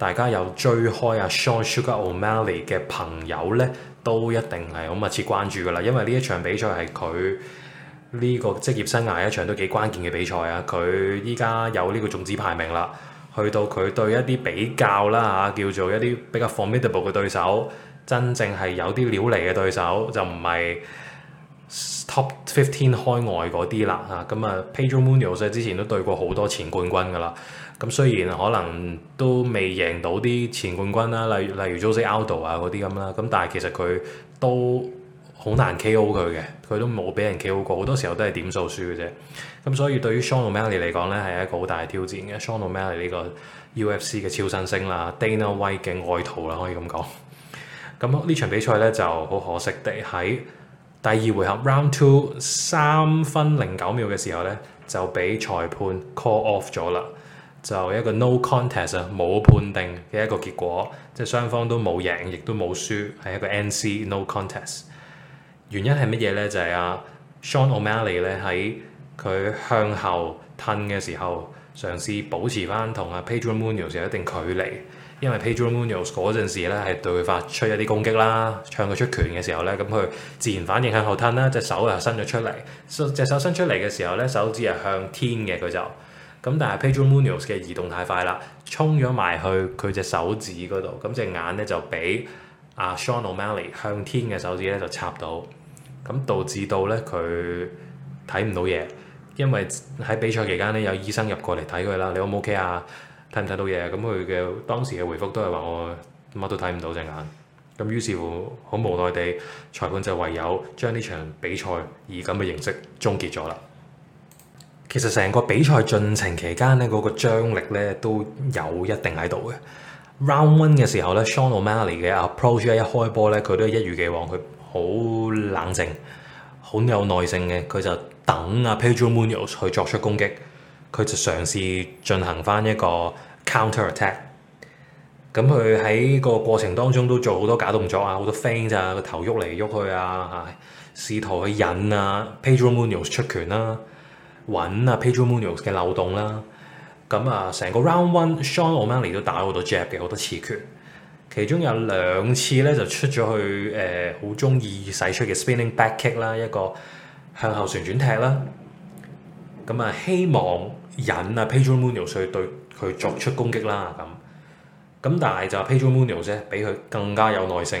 大家有追開啊 Sean Sugar O'Malley 嘅朋友咧，都一定係好密切關注噶啦，因為呢一場比賽係佢呢個職業生涯一場都幾關鍵嘅比賽啊！佢依家有呢個種子排名啦，去到佢對一啲比較啦嚇、啊，叫做一啲比較 formidable 嘅對手，真正係有啲料嚟嘅對手，就唔係 top fifteen 開外嗰啲啦嚇。咁啊、嗯、Pedro Munhoz 之前都對過好多前冠軍噶啦。咁雖然可能都未贏到啲前冠軍啦，例如例如 Jose Aldo 啊嗰啲咁啦，咁但係其實佢都好難 K.O. 佢嘅，佢都冇俾人 K.O. 過，好多時候都係點數輸嘅啫。咁所以對於 Sean O'Malley 嚟講咧，係一個好大嘅挑戰嘅。Sean O'Malley 呢個 UFC 嘅超新星啦，Dana White 嘅愛徒啦，可以咁講。咁呢場比賽咧就好可惜，地喺第二回合 round two 三分零九秒嘅時候咧就俾裁判 call off 咗啦。就一個 no contest 啊，冇判定嘅一個結果，即係雙方都冇贏，亦都冇輸，係一個 NC no contest。原因係乜嘢咧？就係啊 Sean O'Malley 咧喺佢向後褪嘅時候，嘗試保持翻同阿 Pedro Munhoz 有一定距離，因為 Pedro Munhoz 嗰陣時咧係對佢發出一啲攻擊啦，向佢出拳嘅時候咧，咁佢自然反應向後褪啦，隻手啊伸咗出嚟，隻手伸出嚟嘅時候咧手指係向天嘅，佢就。咁但係 Pedro Munhoz 嘅移動太快啦，衝咗埋去佢隻手指嗰度，咁隻眼咧就俾阿 Sean O'Malley 向天嘅手指咧就插到，咁導致到咧佢睇唔到嘢，因為喺比賽期間咧有醫生入過嚟睇佢啦，你 OK 唔 OK 啊？睇唔睇到嘢？咁佢嘅當時嘅回覆都係話我乜都睇唔到隻眼，咁於是乎好無奈地裁判就唯有將呢場比賽以咁嘅形式終結咗啦。其實成個比賽進程期間咧，嗰、那個張力咧都有一定喺度嘅。Round one 嘅時候咧，Sean O'Malley 嘅 approach 一開波咧，佢都一如既往，佢好冷靜，好有耐性嘅。佢就等啊，Pedro Munoz 去作出攻擊，佢就嘗試進行返一個 counter attack。咁佢喺個過程當中都做好多假動作啊，好多 feint 啊，個頭喐嚟喐去啊，試圖去引啊，Pedro Munoz 出拳啦、啊。揾啊 Pedro Munhoz 嘅漏洞啦咁啊成個 round one Sean O'Malley 都打好多 jab 嘅好多次拳其中有兩次咧就出咗去誒好中意使出嘅 spinning back kick 啦一個向後旋轉踢啦咁啊希望引啊 Pedro Munhoz 去對佢作出攻擊啦咁咁但係就 Pedro Munhoz 啫比佢更加有耐性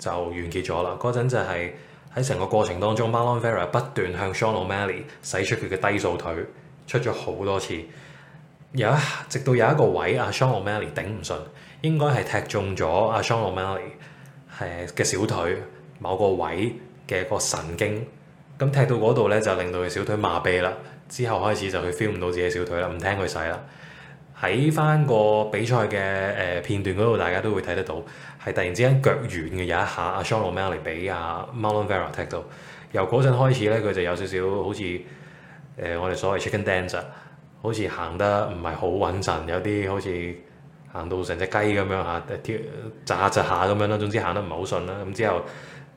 就完結咗啦！嗰陣就係喺成個過程當中，Marlon Vera 不斷向 Sean O'Malley 使出佢嘅低數腿，出咗好多次。有一直到有一個位，阿 Sean O'Malley 頂唔順，應該係踢中咗阿 Sean O'Malley 係嘅小腿某個位嘅一個神經。咁踢到嗰度咧，就令到佢小腿麻痹啦。之後開始就佢 feel 唔到自己小腿啦，唔聽佢使啦。喺翻個比賽嘅誒片段嗰度，大家都會睇得到，係突然之間腳軟嘅有一下。阿 Sean O'Malley 嚟俾阿 Marlon Vera 踢到，由嗰陣開始咧，佢就有少少好似誒我哋所謂 Chicken Dancer，好似行得唔係好穩陣，有啲好似行到成隻雞咁樣嚇，跳扎紮下咁樣啦。總之行得唔係好順啦。咁之後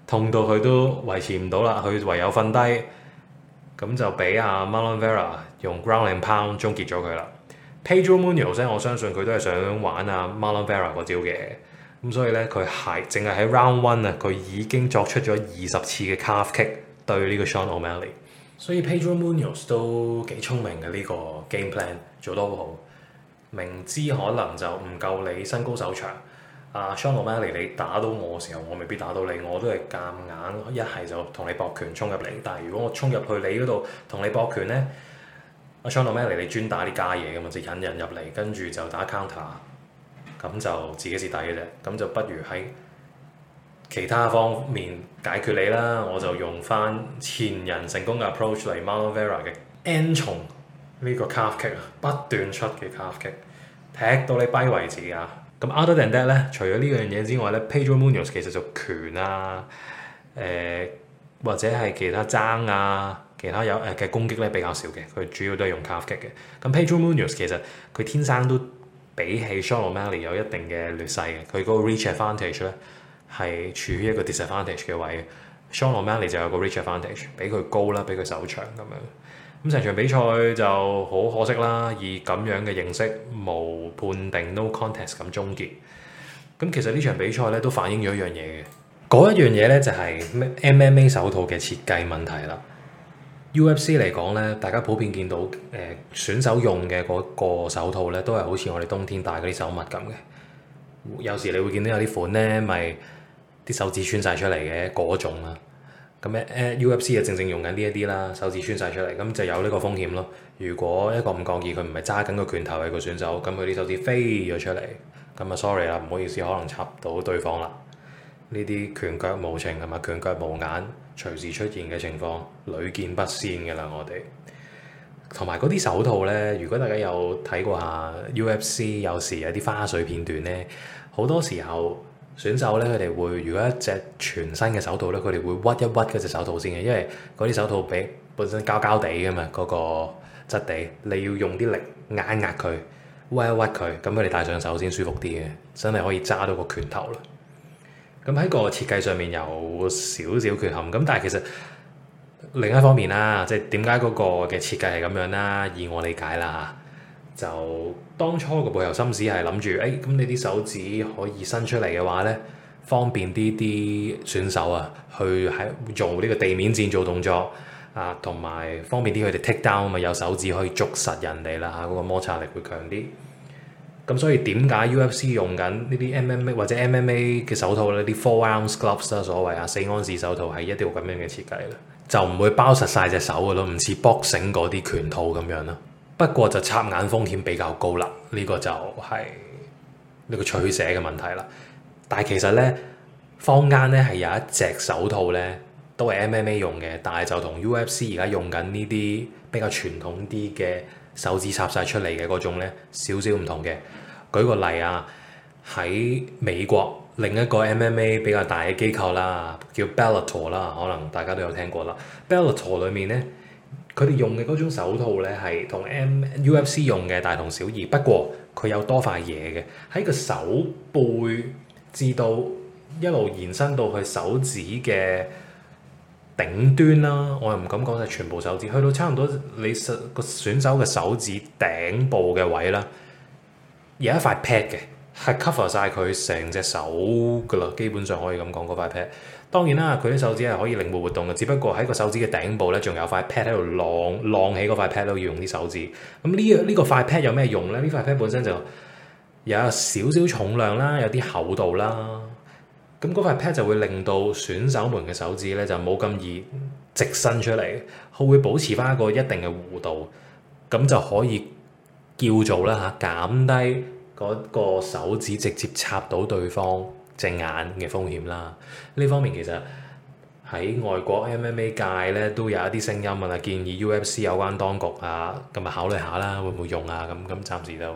痛到佢都維持唔到啦，佢唯有瞓低，咁就俾阿 Marlon Vera 用 Ground and Pound 終結咗佢啦。Pedro Munhoz，我相信佢都係想玩啊 Marlon Vera 嗰招嘅，咁所以咧佢係淨係喺 round one 啊，佢已經作出咗二十次嘅 calf kick 對呢個 Sean O'Malley。所以 Pedro Munhoz 都幾聰明嘅呢個 game plan，做得好好。明知可能就唔夠你身高手長，啊 Sean O'Malley，你打到我嘅時候，我未必打到你，我都係夾硬一係就同你搏拳衝入嚟。但係如果我衝入去你嗰度同你搏拳咧？我上到咩嚟？O'Malley, 你專打啲假嘢嘅嘛？就係引人入嚟，跟住就打 counter，咁就自己蝕底嘅啫。咁就不如喺其他方面解決你啦。我就用翻前人成功嘅 approach 嚟 Marlon Vera 嘅 end 蟲呢個 calf kick 不斷出嘅 c a calf kick，踢到你跛為止啊！咁 other than that 咧，除咗呢樣嘢之外咧，Pedro Munhoz 其實就拳啊，誒、呃、或者係其他爭啊。其他有誒嘅攻擊咧比較少嘅，佢主要都係用 calf kick 嘅。咁 Pedro Munhoz 其實佢天生都比起 Sean O'Malley 有一定嘅劣勢嘅，佢嗰個 reach advantage 咧係處於一個 disadvantage 嘅位。Sean O'Malley 就有個 reach advantage，比佢高啦，比佢手長咁樣。咁成場比賽就好可惜啦，以咁樣嘅形式無判定 no contest 咁終結。咁其實呢場比賽咧都反映咗一樣嘢嘅，嗰一樣嘢咧就係 MMA 手套嘅設計問題啦。UFC 嚟講咧，大家普遍見到誒、呃、選手用嘅嗰個手套咧，都係好似我哋冬天戴嗰啲手襪咁嘅。有時你會見到有啲款咧，咪、就、啲、是、手指穿晒出嚟嘅嗰種啦。咁、嗯、咧、呃、UFC 就正正用緊呢一啲啦，手指穿晒出嚟，咁就有呢個風險咯。如果一個唔覺意，佢唔係揸緊個拳頭嘅個選手，咁佢啲手指飛咗出嚟，咁啊，sorry 啦，唔好意思，可能插到對方啦。呢啲拳腳無情同埋拳腳無眼，隨時出現嘅情況，屢見不鮮㗎啦，我哋。同埋嗰啲手套呢，如果大家有睇過下 UFC 有時有啲花絮片段呢，好多時候選手呢，佢哋會如果一隻全新嘅手套呢，佢哋會屈一屈嗰隻手套先嘅，因為嗰啲手套比本身膠膠地㗎嘛，嗰個質地，你要用啲力壓一壓佢，屈一屈佢，咁佢哋戴上手先舒服啲嘅，真係可以揸到個拳頭啦。咁喺個設計上面有少少缺陷，咁但係其實另一方面啦，即係點解嗰個嘅設計係咁樣啦？以我理解啦嚇，就當初個背後心思係諗住，誒、哎、咁你啲手指可以伸出嚟嘅話咧，方便啲啲選手啊，去喺做呢個地面戰做動作啊，同埋方便啲佢哋 take down 咪有手指可以捉實人哋啦嚇，嗰個摩擦力會強啲。咁所以點解 UFC 用緊呢啲 MMA 或者 MMA 嘅手套呢？啲 four ounce gloves 啦、啊，所謂啊四安士手套係一定要咁樣嘅設計啦，就唔會包實晒隻手噶咯，都唔似 boxing 嗰啲拳套咁樣咯。不過就插眼風險比較高啦，呢、呢個就係呢個取捨嘅問題啦。但係其實呢，坊間呢係有一隻手套呢都係 MMA 用嘅，但係就同 UFC 而家用緊呢啲比較傳統啲嘅，手指插晒出嚟嘅嗰種咧，少少唔同嘅。舉個例啊，喺美國另一個 MMA 比較大嘅機構啦，叫 Bellator 啦，可能大家都有聽過啦。Bellator 裡面咧，佢哋用嘅嗰種手套咧，係同 UFC 用嘅大同小異，不過佢有多塊嘢嘅，喺個手背至到一路延伸到佢手指嘅。頂端啦，我又唔敢講係全部手指，去到差唔多你選個選手嘅手指頂部嘅位啦，有一塊 pad 嘅，係 cover 晒佢成隻手噶啦，基本上可以咁講嗰塊 pad。當然啦，佢啲手指係可以靈活活動嘅，只不過喺個手指嘅頂部咧，仲有塊 pad 喺度浪浪起嗰塊 pad 都要用啲手指。咁呢呢個塊 pad 有咩用咧？呢塊 pad 本身就有一少少重量啦，有啲厚度啦。咁嗰塊 pad 就會令到選手們嘅手指咧就冇咁易直伸出嚟，佢會保持翻一個一定嘅弧度，咁就可以叫做咧嚇減低嗰個手指直接插到對方隻眼嘅風險啦。呢方面其實喺外國 MMA 界咧都有一啲聲音啊，建議 UFC 有關當局啊咁咪考慮下啦，會唔會用啊？咁咁暫時就。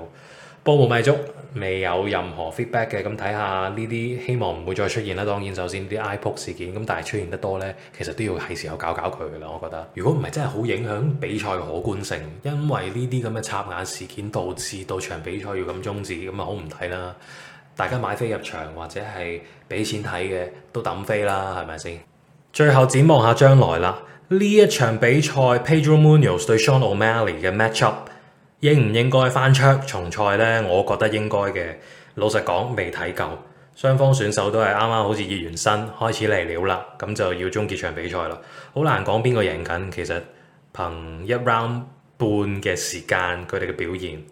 波冇米足未有任何 feedback 嘅，咁睇下呢啲希望唔會再出現啦。當然，首先啲 eye poke 事件咁，但係出現得多呢，其實都要係時候搞搞佢噶啦。我覺得，如果唔係真係好影響比賽嘅可觀性，因為呢啲咁嘅插眼事件導致到場比賽要咁終止，咁啊好唔睇啦。大家買飛入場或者係俾錢睇嘅都揼飛啦，係咪先？最後展望下將來啦，呢一場比賽 Pedro Munhoz 對 Sean O'Malley 嘅 matchup。應唔應該翻出重賽呢？我覺得應該嘅。老實講，未睇夠，雙方選手都係啱啱好似熱完身開始嚟了啦，咁就要終結場比賽啦。好難講邊個贏緊。其實憑一 round 半嘅時間，佢哋嘅表現，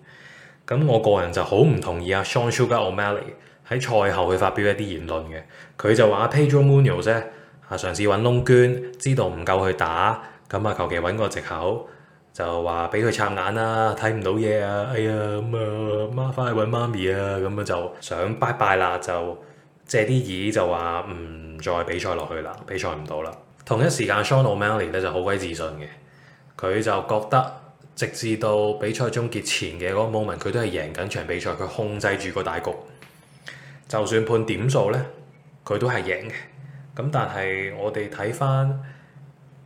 咁我個人就好唔同意阿 Sean Sugar O’Malley 喺賽後去發表一啲言論嘅。佢就話阿 Pedro Munhoz 咧，啊嘗試揾窿捐，知道唔夠去打，咁啊求其揾個藉口。就話俾佢插眼啦，睇唔到嘢啊！哎呀，咁啊，媽翻去揾媽咪啊！咁啊就想拜拜啦，就借啲意就話唔再比賽落去啦，比賽唔到啦。同一時間，Sean O'Malley 咧就好鬼自信嘅，佢就覺得直至到比賽終結前嘅嗰個 moment，佢都係贏緊場比賽，佢控制住個大局，就算判點數呢，佢都係贏嘅。咁但係我哋睇翻。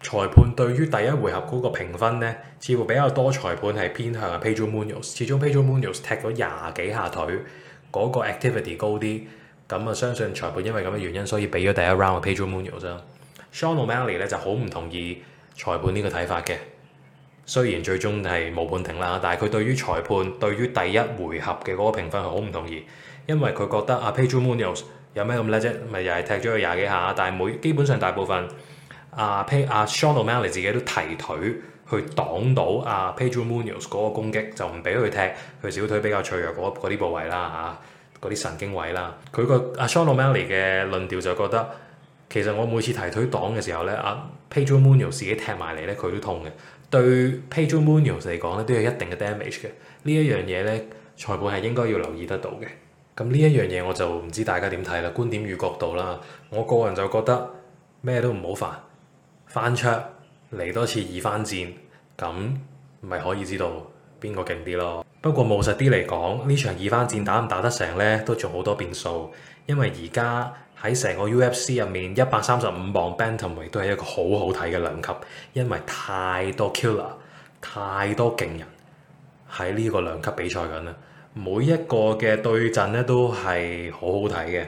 裁判對於第一回合嗰個評分呢，似乎比較多裁判係偏向阿 Pedro Munhoz。始終 Pedro Munhoz 踢咗廿幾下腿，嗰、那個 activity 高啲，咁、嗯、啊相信裁判因為咁嘅原因，所以俾咗第一 round 嘅 Pedro Munhoz。Sean O'Malley 咧就好唔同意裁判呢個睇法嘅。雖然最終係無判停啦，但係佢對於裁判對於第一回合嘅嗰個評分係好唔同意，因為佢覺得阿 Pedro Munhoz 有咩咁叻啫，咪又係踢咗佢廿幾下。但係每基本上大部分。阿 p 阿 Sean O'Malley 自己都提腿去擋到阿 Pedro Munhoz 嗰個攻擊，就唔俾佢踢佢小腿比較脆弱嗰啲部位啦嚇，嗰啲神經位啦。佢個阿 Sean O'Malley 嘅論調就覺得其實我每次提腿擋嘅時候咧，阿 Pedro Munhoz 自己踢埋嚟咧，佢都痛嘅。對 Pedro Munhoz 嚟講咧，都有一定嘅 damage 嘅。呢一樣嘢咧，裁判係應該要留意得到嘅。咁呢一樣嘢我就唔知大家點睇啦，觀點與角度啦。我個人就覺得咩都唔好煩。翻出，嚟多次二番戰，咁咪可以知道邊個勁啲咯？不過務實啲嚟講，呢場二番戰打唔打得成呢，都仲好多變數。因為而家喺成個 UFC 入面，一百三十五磅 Bantamweight 都係一個好好睇嘅兩級，因為太多 killer，太多勁人喺呢個兩級比賽緊啦。每一個嘅對陣呢，都係好好睇嘅。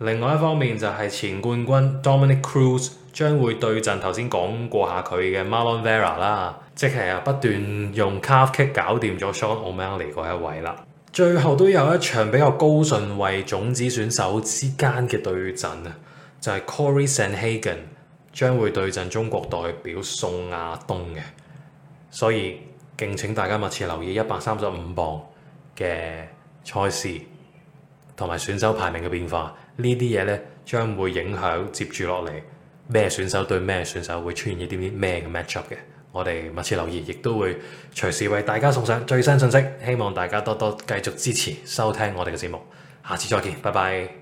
另外一方面就係前冠軍 Dominic Cruz 將會對陣頭先講過下佢嘅 Marlon Vera 啦，即係啊不斷用 Calf Kick 搞掂咗 Sean O'Malley 嗰一位啦。最後都有一場比較高順位種子選手之間嘅對陣啊，就係、是、Corey Sanhagen 將會對陣中國代表宋亞東嘅，所以敬請大家密切留意一百三十五磅嘅賽事同埋選手排名嘅變化。呢啲嘢咧，將會影響接住落嚟咩選手對咩選手會出現一啲啲咩嘅 matchup 嘅，我哋密切留意，亦都會隨時為大家送上最新信息。希望大家多多繼續支持，收聽我哋嘅節目，下次再見，拜拜。